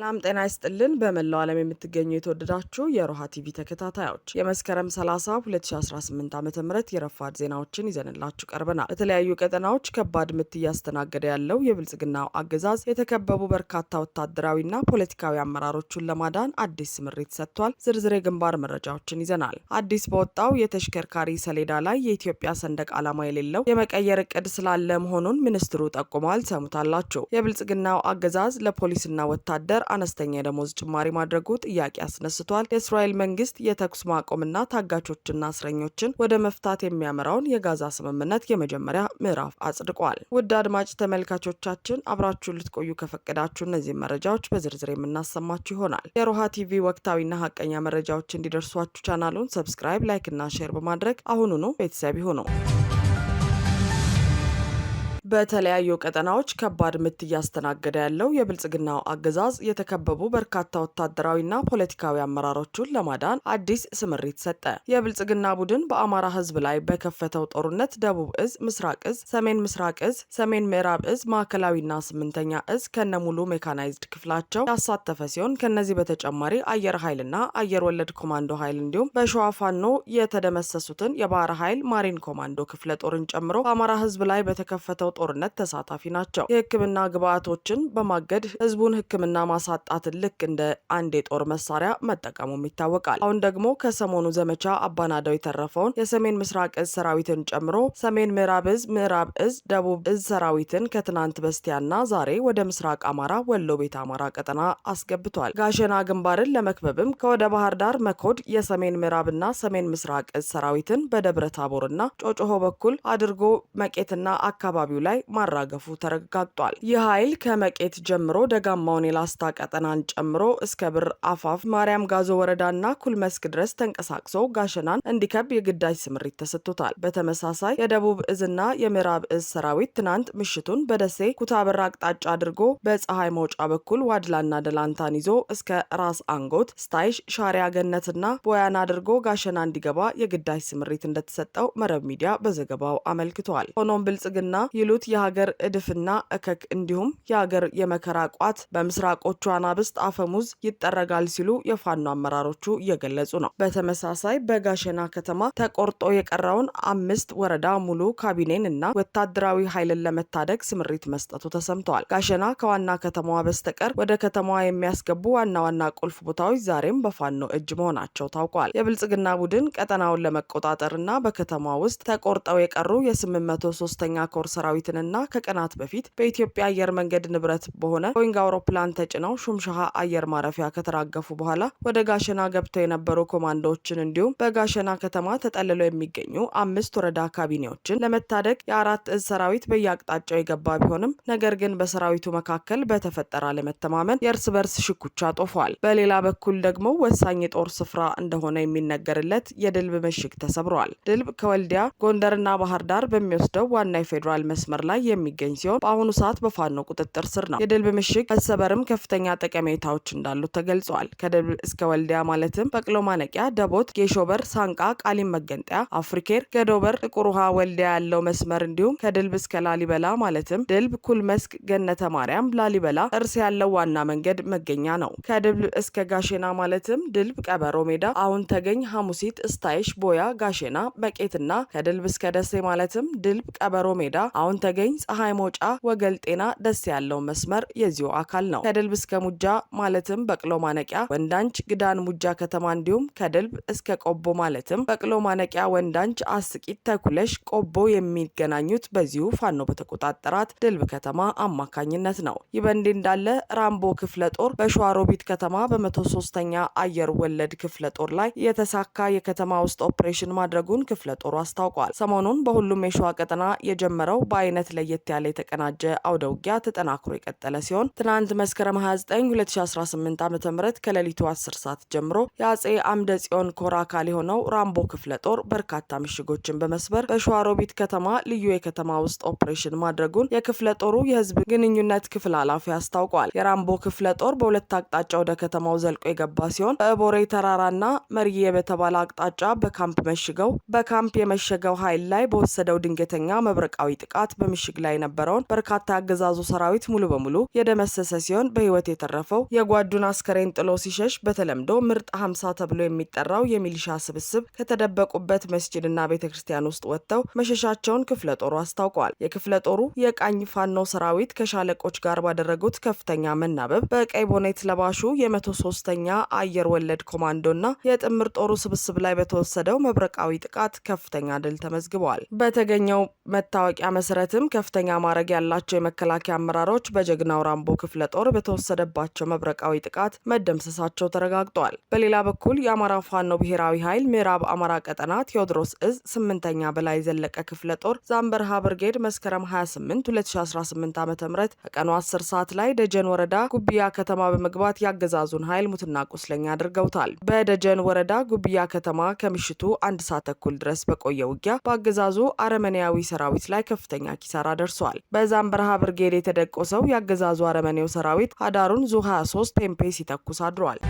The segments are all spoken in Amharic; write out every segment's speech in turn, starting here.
ሰላም ጤና ይስጥልን። በመላው ዓለም የምትገኙ የተወደዳችሁ የሮሃ ቲቪ ተከታታዮች የመስከረም 30 2018 ዓ ም የረፋድ ዜናዎችን ይዘንላችሁ ቀርበናል። በተለያዩ ቀጠናዎች ከባድ ምት እያስተናገደ ያለው የብልጽግናው አገዛዝ የተከበቡ በርካታ ወታደራዊና ፖለቲካዊ አመራሮቹን ለማዳን አዲስ ስምሪት ሰጥቷል። ዝርዝር የግንባር መረጃዎችን ይዘናል። አዲስ በወጣው የተሽከርካሪ ሰሌዳ ላይ የኢትዮጵያ ሰንደቅ ዓላማ የሌለው የመቀየር እቅድ ስላለ መሆኑን ሚኒስትሩ ጠቁመዋል። ሰሙታላችሁ። የብልጽግናው አገዛዝ ለፖሊስና ወታደር አነስተኛ የደሞዝ ጭማሪ ማድረጉ ጥያቄ አስነስቷል። የእስራኤል መንግስት የተኩስ ማቆምና ታጋቾችና እስረኞችን ወደ መፍታት የሚያመራውን የጋዛ ስምምነት የመጀመሪያ ምዕራፍ አጽድቋል። ውድ አድማጭ ተመልካቾቻችን አብራችሁን ልትቆዩ ከፈቀዳችሁ እነዚህ መረጃዎች በዝርዝር የምናሰማችሁ ይሆናል። የሮሃ ቲቪ ወቅታዊና ሀቀኛ መረጃዎች እንዲደርሷችሁ ቻናሉን ሰብስክራይብ፣ ላይክና ሼር በማድረግ አሁኑኑ ቤተሰብ ይሁኑ። በተለያዩ ቀጠናዎች ከባድ ምት እያስተናገደ ያለው የብልጽግናው አገዛዝ የተከበቡ በርካታ ወታደራዊና ፖለቲካዊ አመራሮቹን ለማዳን አዲስ ስምሪት ሰጠ። የብልጽግና ቡድን በአማራ ሕዝብ ላይ በከፈተው ጦርነት ደቡብ እዝ፣ ምስራቅ እዝ፣ ሰሜን ምስራቅ እዝ፣ ሰሜን ምዕራብ እዝ፣ ማዕከላዊና ስምንተኛ እዝ ከነሙሉ ሜካናይዝድ ክፍላቸው ያሳተፈ ሲሆን ከነዚህ በተጨማሪ አየር ኃይልና አየር ወለድ ኮማንዶ ኃይል እንዲሁም በሸዋ ፋኖ የተደመሰሱትን የባህር ኃይል ማሪን ኮማንዶ ክፍለ ጦርን ጨምሮ በአማራ ሕዝብ ላይ በተከፈተው ጦርነት ተሳታፊ ናቸው። የህክምና ግብዓቶችን በማገድ ህዝቡን ህክምና ማሳጣትን ልክ እንደ አንድ የጦር መሳሪያ መጠቀሙም ይታወቃል። አሁን ደግሞ ከሰሞኑ ዘመቻ አባናደው የተረፈውን የሰሜን ምስራቅ እዝ ሰራዊትን ጨምሮ ሰሜን ምዕራብ እዝ፣ ምዕራብ እዝ፣ ደቡብ እዝ ሰራዊትን ከትናንት በስቲያና ዛሬ ወደ ምስራቅ አማራ ወሎ ቤት አማራ ቀጠና አስገብቷል። ጋሸና ግንባርን ለመክበብም ከወደ ባህር ዳር መኮድ የሰሜን ምዕራብና ሰሜን ምስራቅ እዝ ሰራዊትን በደብረ ታቦርና ጮጮሆ በኩል አድርጎ መቄትና አካባቢው ላይ ላይ ማራገፉ ተረጋግጧል። ይህ ኃይል ከመቄት ጀምሮ ደጋማውን የላስታ ቀጠናን ጨምሮ እስከ ብር አፋፍ ማርያም ጋዞ ወረዳና ኩልመስክ ድረስ ተንቀሳቅሶ ጋሸናን እንዲከብ የግዳጅ ስምሪት ተሰጥቶታል። በተመሳሳይ የደቡብ እዝና የምዕራብ እዝ ሰራዊት ትናንት ምሽቱን በደሴ ኩታበር አቅጣጫ አድርጎ በፀሐይ መውጫ በኩል ዋድላና ደላንታን ይዞ እስከ ራስ አንጎት ስታይሽ፣ ሻሪያ ገነትና ቦያን አድርጎ ጋሸና እንዲገባ የግዳጅ ስምሪት እንደተሰጠው መረብ ሚዲያ በዘገባው አመልክቷል። ሆኖም ብልጽግና ይሉት የሚሉት የሀገር እድፍና እከክ እንዲሁም የሀገር የመከራ ቋት በምስራቆቹ አናብስት አፈሙዝ ይጠረጋል ሲሉ የፋኖ አመራሮቹ እየገለጹ ነው። በተመሳሳይ በጋሸና ከተማ ተቆርጦ የቀረውን አምስት ወረዳ ሙሉ ካቢኔን እና ወታደራዊ ኃይልን ለመታደግ ስምሪት መስጠቱ ተሰምተዋል። ጋሸና ከዋና ከተማዋ በስተቀር ወደ ከተማዋ የሚያስገቡ ዋና ዋና ቁልፍ ቦታዎች ዛሬም በፋኖ እጅ መሆናቸው ታውቋል። የብልጽግና ቡድን ቀጠናውን ለመቆጣጠር እና በከተማ ውስጥ ተቆርጠው የቀሩ የ803ኛ ኮር ሰራዊት የነበሩትንና ከቀናት በፊት በኢትዮጵያ አየር መንገድ ንብረት በሆነ ቦይንግ አውሮፕላን ተጭነው ሹምሽሃ አየር ማረፊያ ከተራገፉ በኋላ ወደ ጋሸና ገብተው የነበሩ ኮማንዶዎችን እንዲሁም በጋሸና ከተማ ተጠልለው የሚገኙ አምስት ወረዳ ካቢኔዎችን ለመታደግ የአራት እዝ ሰራዊት በየአቅጣጫው የገባ ቢሆንም ነገር ግን በሰራዊቱ መካከል በተፈጠረ አለመተማመን የእርስ በርስ ሽኩቻ ጦፏል። በሌላ በኩል ደግሞ ወሳኝ የጦር ስፍራ እንደሆነ የሚነገርለት የድልብ ምሽግ ተሰብሯል። ድልብ ከወልዲያ ጎንደርና ባህር ዳር በሚወስደው ዋና የፌዴራል መስመር በመመርመር ላይ የሚገኝ ሲሆን በአሁኑ ሰዓት በፋኖ ቁጥጥር ስር ነው። የድልብ ምሽግ መሰበርም ከፍተኛ ጠቀሜታዎች እንዳሉ ተገልጿል። ከደልብ እስከ ወልዲያ ማለትም በቅሎ ማነቂያ፣ ደቦት፣ ጌሾበር፣ ሳንቃ፣ ቃሊም መገንጠያ፣ አፍሪኬር፣ ገዶበር፣ ጥቁር ውሃ፣ ወልዲያ ያለው መስመር እንዲሁም ከድልብ እስከ ላሊበላ ማለትም ድልብ፣ ኩልመስክ፣ ገነተ ማርያም፣ ላሊበላ እርስ ያለው ዋና መንገድ መገኛ ነው። ከደልብ እስከ ጋሼና ማለትም ድልብ፣ ቀበሮ ሜዳ፣ አሁን ተገኝ፣ ሐሙሲት፣ እስታይሽ፣ ቦያ፣ ጋሼና፣ መቄትና ከድልብ እስከ ደሴ ማለትም ድልብ፣ ቀበሮ ሜዳ፣ አሁን ስዩም ተገኝ፣ ፀሐይ መውጫ፣ ወገል ጤና፣ ደስ ያለው መስመር የዚሁ አካል ነው። ከድልብ እስከ ሙጃ ማለትም በቅሎ ማነቂያ ወንዳንች፣ ግዳን ሙጃ ከተማ እንዲሁም ከድልብ እስከ ቆቦ ማለትም በቅሎ ማነቂያ ወንዳንች፣ አስቂት፣ ተኩለሽ፣ ቆቦ የሚገናኙት በዚሁ ፋኖ በተቆጣጠራት ድልብ ከተማ አማካኝነት ነው። ይህ እንዳለ ራምቦ ክፍለ ጦር በሸዋሮቢት ከተማ በመቶ ሶስተኛ አየር ወለድ ክፍለ ጦር ላይ የተሳካ የከተማ ውስጥ ኦፕሬሽን ማድረጉን ክፍለ ጦሩ አስታውቋል። ሰሞኑን በሁሉም የሸዋ ቀጠና የጀመረው በአይ አይነት ለየት ያለ የተቀናጀ አውደ ውጊያ ተጠናክሮ የቀጠለ ሲሆን ትናንት መስከረም 29 2018 ዓ ም ከሌሊቱ 10 ሰዓት ጀምሮ የአጼ አምደ ጽዮን ኮር አካል የሆነው ራምቦ ክፍለ ጦር በርካታ ምሽጎችን በመስበር በሸዋሮቢት ከተማ ልዩ የከተማ ውስጥ ኦፕሬሽን ማድረጉን የክፍለ ጦሩ የህዝብ ግንኙነት ክፍል ኃላፊ አስታውቋል። የራምቦ ክፍለ ጦር በሁለት አቅጣጫ ወደ ከተማው ዘልቆ የገባ ሲሆን በቦሬ ተራራና መርዬ በተባለ አቅጣጫ በካምፕ መሽገው በካምፕ የመሸገው ኃይል ላይ በወሰደው ድንገተኛ መብረቃዊ ጥቃት በምሽግ ላይ የነበረውን በርካታ አገዛዞ ሰራዊት ሙሉ በሙሉ የደመሰሰ ሲሆን በህይወት የተረፈው የጓዱን አስከሬን ጥሎ ሲሸሽ በተለምዶ ምርጥ ሀምሳ ተብሎ የሚጠራው የሚሊሻ ስብስብ ከተደበቁበት መስጂድና ቤተ ክርስቲያን ውስጥ ወጥተው መሸሻቸውን ክፍለ ጦሩ አስታውቋል። የክፍለ ጦሩ የቃኝ ፋኖ ሰራዊት ከሻለቆች ጋር ባደረጉት ከፍተኛ መናበብ በቀይ ቦኔት ለባሹ የመቶ ሶስተኛ አየር ወለድ ኮማንዶና የጥምር ጦሩ ስብስብ ላይ በተወሰደው መብረቃዊ ጥቃት ከፍተኛ ድል ተመዝግበዋል። በተገኘው መታወቂያ መሰረት በሂደትም ከፍተኛ ማዕረግ ያላቸው የመከላከያ አመራሮች በጀግናው ራምቦ ክፍለ ጦር በተወሰደባቸው መብረቃዊ ጥቃት መደምሰሳቸው ተረጋግጧል። በሌላ በኩል የአማራ ፋኖ ብሔራዊ ኃይል ምዕራብ አማራ ቀጠና ቴዎድሮስ እዝ ስምንተኛ በላይ ዘለቀ ክፍለ ጦር ዛምበርሃ ብርጌድ መስከረም 28 2018 ዓ ም ከቀኑ 10 ሰዓት ላይ ደጀን ወረዳ ጉብያ ከተማ በመግባት ያገዛዙን ኃይል ሙትና ቁስለኛ አድርገውታል። በደጀን ወረዳ ጉብያ ከተማ ከምሽቱ አንድ ሰዓት ተኩል ድረስ በቆየ ውጊያ በአገዛዙ አረመኔያዊ ሰራዊት ላይ ከፍተኛ ኪሳራ ደርሷል። በዛምበረሃ ብርጌድ የተደቆሰው የአገዛዙ አረመኔው ሰራዊት አዳሩን ዙ 23 ቴምፔ ሲተኩስ አድሯል።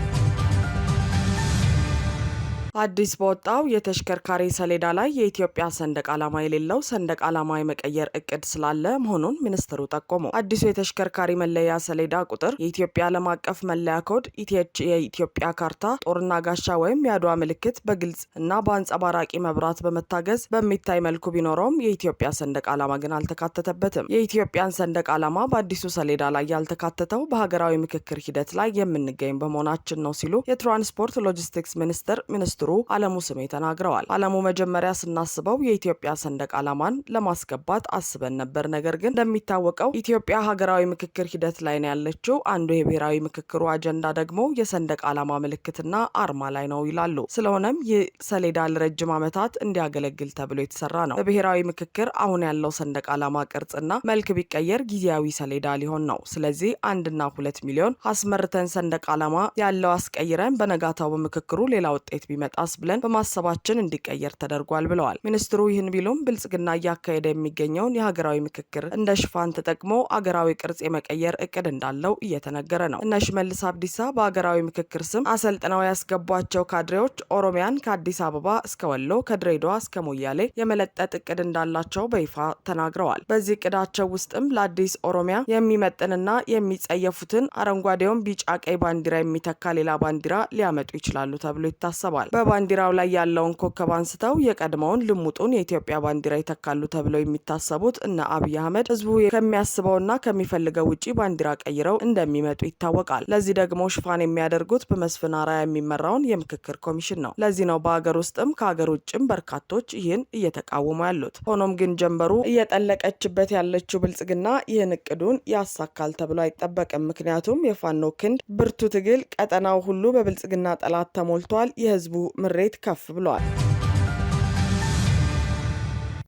አዲስ በወጣው የተሽከርካሪ ሰሌዳ ላይ የኢትዮጵያ ሰንደቅ ዓላማ የሌለው ሰንደቅ ዓላማ የመቀየር እቅድ ስላለ መሆኑን ሚኒስትሩ ጠቆሙ። አዲሱ የተሽከርካሪ መለያ ሰሌዳ ቁጥር የኢትዮጵያ ዓለም አቀፍ መለያ ኮድ ኢቲኤች፣ የኢትዮጵያ ካርታ፣ ጦርና ጋሻ ወይም የአድዋ ምልክት በግልጽ እና በአንጸባራቂ መብራት በመታገዝ በሚታይ መልኩ ቢኖረውም የኢትዮጵያ ሰንደቅ ዓላማ ግን አልተካተተበትም። የኢትዮጵያን ሰንደቅ ዓላማ በአዲሱ ሰሌዳ ላይ ያልተካተተው በሀገራዊ ምክክር ሂደት ላይ የምንገኝ በመሆናችን ነው ሲሉ የትራንስፖርት ሎጂስቲክስ ሚኒስትር ሚኒስትሩ ሚኒስትሩ አለሙ ስሜ ተናግረዋል። አለሙ መጀመሪያ ስናስበው የኢትዮጵያ ሰንደቅ ዓላማን ለማስገባት አስበን ነበር። ነገር ግን እንደሚታወቀው ኢትዮጵያ ሀገራዊ ምክክር ሂደት ላይ ነው ያለችው። አንዱ የብሔራዊ ምክክሩ አጀንዳ ደግሞ የሰንደቅ ዓላማ ምልክትና አርማ ላይ ነው ይላሉ። ስለሆነም ይህ ሰሌዳ ለረጅም ዓመታት እንዲያገለግል ተብሎ የተሰራ ነው። በብሔራዊ ምክክር አሁን ያለው ሰንደቅ ዓላማ ቅርጽና መልክ ቢቀየር ጊዜያዊ ሰሌዳ ሊሆን ነው። ስለዚህ አንድና ሁለት ሚሊዮን አስመርተን ሰንደቅ ዓላማ ያለው አስቀይረን በነጋታው በምክክሩ ሌላ ውጤት ቢመጣ ይጠቃስ ብለን በማሰባችን እንዲቀየር ተደርጓል ብለዋል። ሚኒስትሩ ይህን ቢሉም ብልጽግና እያካሄደ የሚገኘውን የሀገራዊ ምክክር እንደ ሽፋን ተጠቅሞ አገራዊ ቅርጽ የመቀየር እቅድ እንዳለው እየተነገረ ነው። እነ ሽመልስ አብዲሳ በአገራዊ ምክክር ስም አሰልጥነው ያስገቧቸው ካድሬዎች ኦሮሚያን ከአዲስ አበባ እስከ ወሎ ከድሬዳዋ እስከ ሞያሌ የመለጠጥ እቅድ እንዳላቸው በይፋ ተናግረዋል። በዚህ እቅዳቸው ውስጥም ለአዲስ ኦሮሚያ የሚመጥንና የሚጸየፉትን አረንጓዴውን ቢጫ፣ ቀይ ባንዲራ የሚተካ ሌላ ባንዲራ ሊያመጡ ይችላሉ ተብሎ ይታሰባል። በባንዲራው ላይ ያለውን ኮከብ አንስተው የቀድሞውን ልሙጡን የኢትዮጵያ ባንዲራ ይተካሉ ተብለው የሚታሰቡት እነ አብይ አህመድ ህዝቡ ከሚያስበውና ከሚፈልገው ውጪ ባንዲራ ቀይረው እንደሚመጡ ይታወቃል። ለዚህ ደግሞ ሽፋን የሚያደርጉት በመስፍን አራያ የሚመራውን የምክክር ኮሚሽን ነው። ለዚህ ነው በሀገር ውስጥም ከሀገር ውጭም በርካቶች ይህን እየተቃወሙ ያሉት። ሆኖም ግን ጀንበሩ እየጠለቀችበት ያለችው ብልጽግና ይህን እቅዱን ያሳካል ተብሎ አይጠበቅም። ምክንያቱም የፋኖ ክንድ ብርቱ ትግል ቀጠናው ሁሉ በብልጽግና ጠላት ተሞልቷል። የህዝቡ ምሬት ከፍ ብሏል።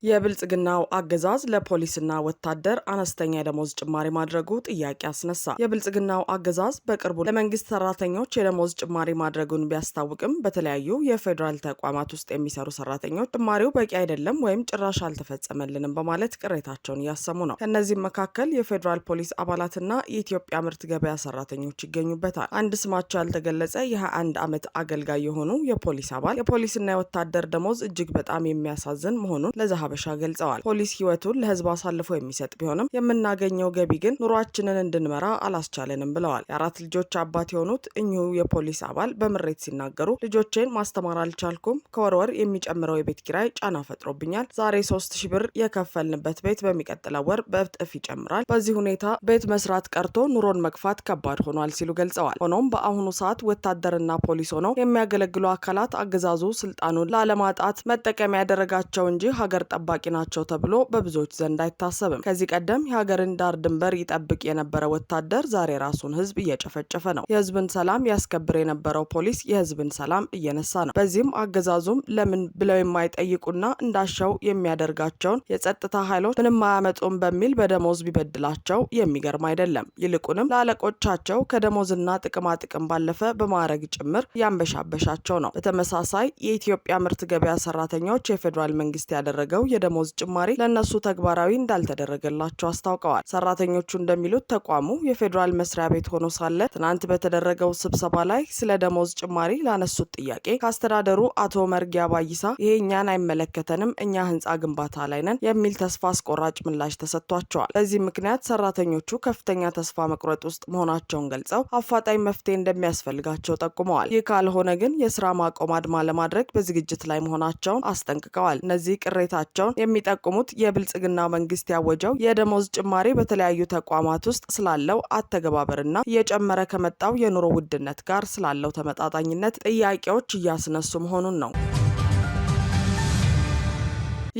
የብልጽግናው አገዛዝ ለፖሊስና ወታደር አነስተኛ የደሞዝ ጭማሪ ማድረጉ ጥያቄ አስነሳ። የብልጽግናው አገዛዝ በቅርቡ ለመንግስት ሰራተኞች የደሞዝ ጭማሪ ማድረጉን ቢያስታውቅም በተለያዩ የፌዴራል ተቋማት ውስጥ የሚሰሩ ሰራተኞች ጭማሪው በቂ አይደለም ወይም ጭራሽ አልተፈጸመልንም በማለት ቅሬታቸውን እያሰሙ ነው። ከእነዚህም መካከል የፌዴራል ፖሊስ አባላትና የኢትዮጵያ ምርት ገበያ ሰራተኞች ይገኙበታል። አንድ ስማቸው ያልተገለጸ የ21 ዓመት አገልጋይ የሆኑ የፖሊስ አባል የፖሊስና የወታደር ደሞዝ እጅግ በጣም የሚያሳዝን መሆኑን ለዛሀብ ሀበሻ ገልጸዋል። ፖሊስ ህይወቱን ለህዝብ አሳልፎ የሚሰጥ ቢሆንም የምናገኘው ገቢ ግን ኑሯችንን እንድንመራ አላስቻለንም ብለዋል። የአራት ልጆች አባት የሆኑት እኚሁ የፖሊስ አባል በምሬት ሲናገሩ ልጆቼን ማስተማር አልቻልኩም። ከወር ወር የሚጨምረው የቤት ኪራይ ጫና ፈጥሮብኛል። ዛሬ ሶስት ሺ ብር የከፈልንበት ቤት በሚቀጥለው ወር በእጥፍ ይጨምራል። በዚህ ሁኔታ ቤት መስራት ቀርቶ ኑሮን መግፋት ከባድ ሆኗል ሲሉ ገልጸዋል። ሆኖም በአሁኑ ሰዓት ወታደርና ፖሊስ ሆነው የሚያገለግሉ አካላት አገዛዙ ስልጣኑን ላለማጣት መጠቀሚያ ያደረጋቸው እንጂ ሀገር ጠ ጠባቂ ናቸው ተብሎ በብዙዎች ዘንድ አይታሰብም። ከዚህ ቀደም የሀገርን ዳር ድንበር ይጠብቅ የነበረ ወታደር ዛሬ ራሱን ህዝብ እየጨፈጨፈ ነው። የህዝብን ሰላም ያስከብር የነበረው ፖሊስ የህዝብን ሰላም እየነሳ ነው። በዚህም አገዛዙም ለምን ብለው የማይጠይቁና እንዳሻው የሚያደርጋቸውን የጸጥታ ኃይሎች ምንም አያመጡም በሚል በደሞዝ ቢበድላቸው የሚገርም አይደለም። ይልቁንም ለአለቆቻቸው ከደሞዝና ጥቅማ ጥቅም ባለፈ በማዕረግ ጭምር ያንበሻበሻቸው ነው። በተመሳሳይ የኢትዮጵያ ምርት ገበያ ሰራተኞች የፌዴራል መንግስት ያደረገው የደሞዝ ጭማሪ ለእነሱ ተግባራዊ እንዳልተደረገላቸው አስታውቀዋል። ሰራተኞቹ እንደሚሉት ተቋሙ የፌዴራል መስሪያ ቤት ሆኖ ሳለ ትናንት በተደረገው ስብሰባ ላይ ስለ ደሞዝ ጭማሪ ላነሱት ጥያቄ ከአስተዳደሩ አቶ መርጊያ ባይሳ ይሄ እኛን አይመለከተንም፣ እኛ ህንፃ ግንባታ ላይ ነን የሚል ተስፋ አስቆራጭ ምላሽ ተሰጥቷቸዋል። በዚህ ምክንያት ሰራተኞቹ ከፍተኛ ተስፋ መቁረጥ ውስጥ መሆናቸውን ገልጸው አፋጣኝ መፍትሄ እንደሚያስፈልጋቸው ጠቁመዋል። ይህ ካልሆነ ግን የስራ ማቆም አድማ ለማድረግ በዝግጅት ላይ መሆናቸውን አስጠንቅቀዋል። እነዚህ ቅሬታቸው መሆናቸውን የሚጠቁሙት የብልጽግና መንግስት ያወጀው የደሞዝ ጭማሪ በተለያዩ ተቋማት ውስጥ ስላለው አተገባበርና እየጨመረ ከመጣው የኑሮ ውድነት ጋር ስላለው ተመጣጣኝነት ጥያቄዎች እያስነሱ መሆኑን ነው።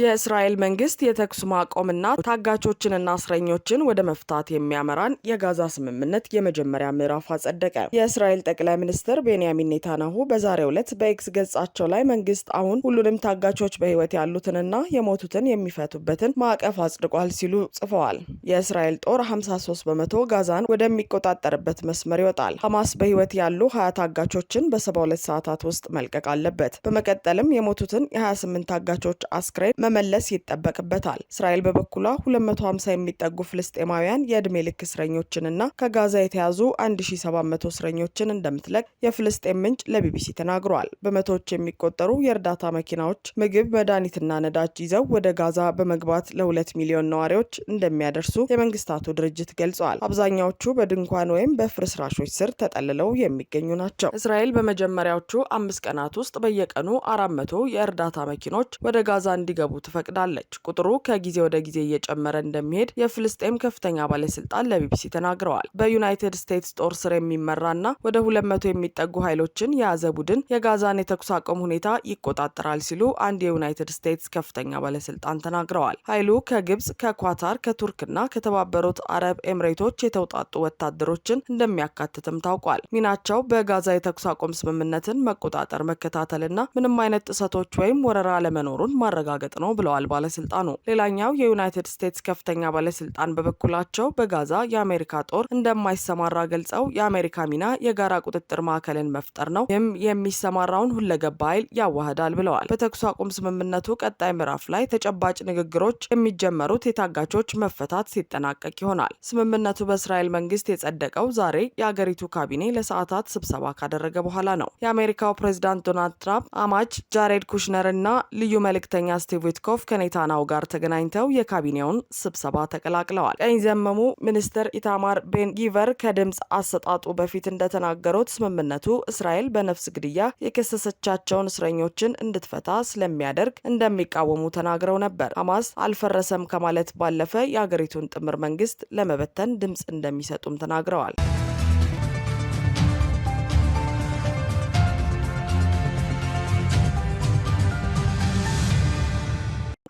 የእስራኤል መንግስት የተኩስ ማቆምና ታጋቾችንና እስረኞችን ወደ መፍታት የሚያመራን የጋዛ ስምምነት የመጀመሪያ ምዕራፍ አጸደቀ። የእስራኤል ጠቅላይ ሚኒስትር ቤንያሚን ኔታናሁ በዛሬው ዕለት በኤክስ ገጻቸው ላይ መንግስት አሁን ሁሉንም ታጋቾች በህይወት ያሉትንና የሞቱትን የሚፈቱበትን ማዕቀፍ አጽድቋል ሲሉ ጽፈዋል። የእስራኤል ጦር 53 በመቶ ጋዛን ወደሚቆጣጠርበት መስመር ይወጣል። ሐማስ በህይወት ያሉ 20 ታጋቾችን በ72 ሰዓታት ውስጥ መልቀቅ አለበት። በመቀጠልም የሞቱትን የ28 ታጋቾች አስክሬን መመለስ ይጠበቅበታል። እስራኤል በበኩሏ 250 የሚጠጉ ፍልስጤማውያን የዕድሜ ልክ እስረኞችንና ከጋዛ የተያዙ 1700 እስረኞችን እንደምትለቅ የፍልስጤም ምንጭ ለቢቢሲ ተናግሯል። በመቶዎች የሚቆጠሩ የእርዳታ መኪናዎች ምግብ፣ መድኃኒትና ነዳጅ ይዘው ወደ ጋዛ በመግባት ለሁለት ሚሊዮን ነዋሪዎች እንደሚያደርሱ የመንግስታቱ ድርጅት ገልጿል። አብዛኛዎቹ በድንኳን ወይም በፍርስራሾች ስር ተጠልለው የሚገኙ ናቸው። እስራኤል በመጀመሪያዎቹ አምስት ቀናት ውስጥ በየቀኑ አራት መቶ የእርዳታ መኪኖች ወደ ጋዛ እንዲገቡ እንዲገቡ ትፈቅዳለች። ቁጥሩ ከጊዜ ወደ ጊዜ እየጨመረ እንደሚሄድ የፍልስጤም ከፍተኛ ባለስልጣን ለቢቢሲ ተናግረዋል። በዩናይትድ ስቴትስ ጦር ስር የሚመራና ወደ ሁለት መቶ የሚጠጉ ኃይሎችን የያዘ ቡድን የጋዛን የተኩስ አቁም ሁኔታ ይቆጣጠራል ሲሉ አንድ የዩናይትድ ስቴትስ ከፍተኛ ባለስልጣን ተናግረዋል። ኃይሉ ከግብጽ፣ ከኳታር፣ ከቱርክና ከተባበሩት አረብ ኤምሬቶች የተውጣጡ ወታደሮችን እንደሚያካትትም ታውቋል። ሚናቸው በጋዛ የተኩስ አቁም ስምምነትን መቆጣጠር፣ መከታተልና ምንም አይነት ጥሰቶች ወይም ወረራ አለመኖሩን ማረጋገጥ ነው ብለዋል ባለስልጣኑ። ሌላኛው የዩናይትድ ስቴትስ ከፍተኛ ባለስልጣን በበኩላቸው በጋዛ የአሜሪካ ጦር እንደማይሰማራ ገልጸው የአሜሪካ ሚና የጋራ ቁጥጥር ማዕከልን መፍጠር ነው፣ ይህም የሚሰማራውን ሁለገባ ኃይል ያዋህዳል ብለዋል። በተኩስ አቁም ስምምነቱ ቀጣይ ምዕራፍ ላይ ተጨባጭ ንግግሮች የሚጀመሩት የታጋቾች መፈታት ሲጠናቀቅ ይሆናል። ስምምነቱ በእስራኤል መንግስት የጸደቀው ዛሬ የአገሪቱ ካቢኔ ለሰዓታት ስብሰባ ካደረገ በኋላ ነው። የአሜሪካው ፕሬዚዳንት ዶናልድ ትራምፕ አማች ጃሬድ ኩሽነር እና ልዩ መልእክተኛ ስቲቭ ፖይትኮቭ ከኔታናው ጋር ተገናኝተው የካቢኔውን ስብሰባ ተቀላቅለዋል። ቀኝ ዘመሙ ሚኒስትር ኢታማር ቤን ጊቨር ከድምፅ አሰጣጡ በፊት እንደተናገሩት ስምምነቱ እስራኤል በነፍስ ግድያ የከሰሰቻቸውን እስረኞችን እንድትፈታ ስለሚያደርግ እንደሚቃወሙ ተናግረው ነበር። ሐማስ አልፈረሰም ከማለት ባለፈ የአገሪቱን ጥምር መንግስት ለመበተን ድምፅ እንደሚሰጡም ተናግረዋል።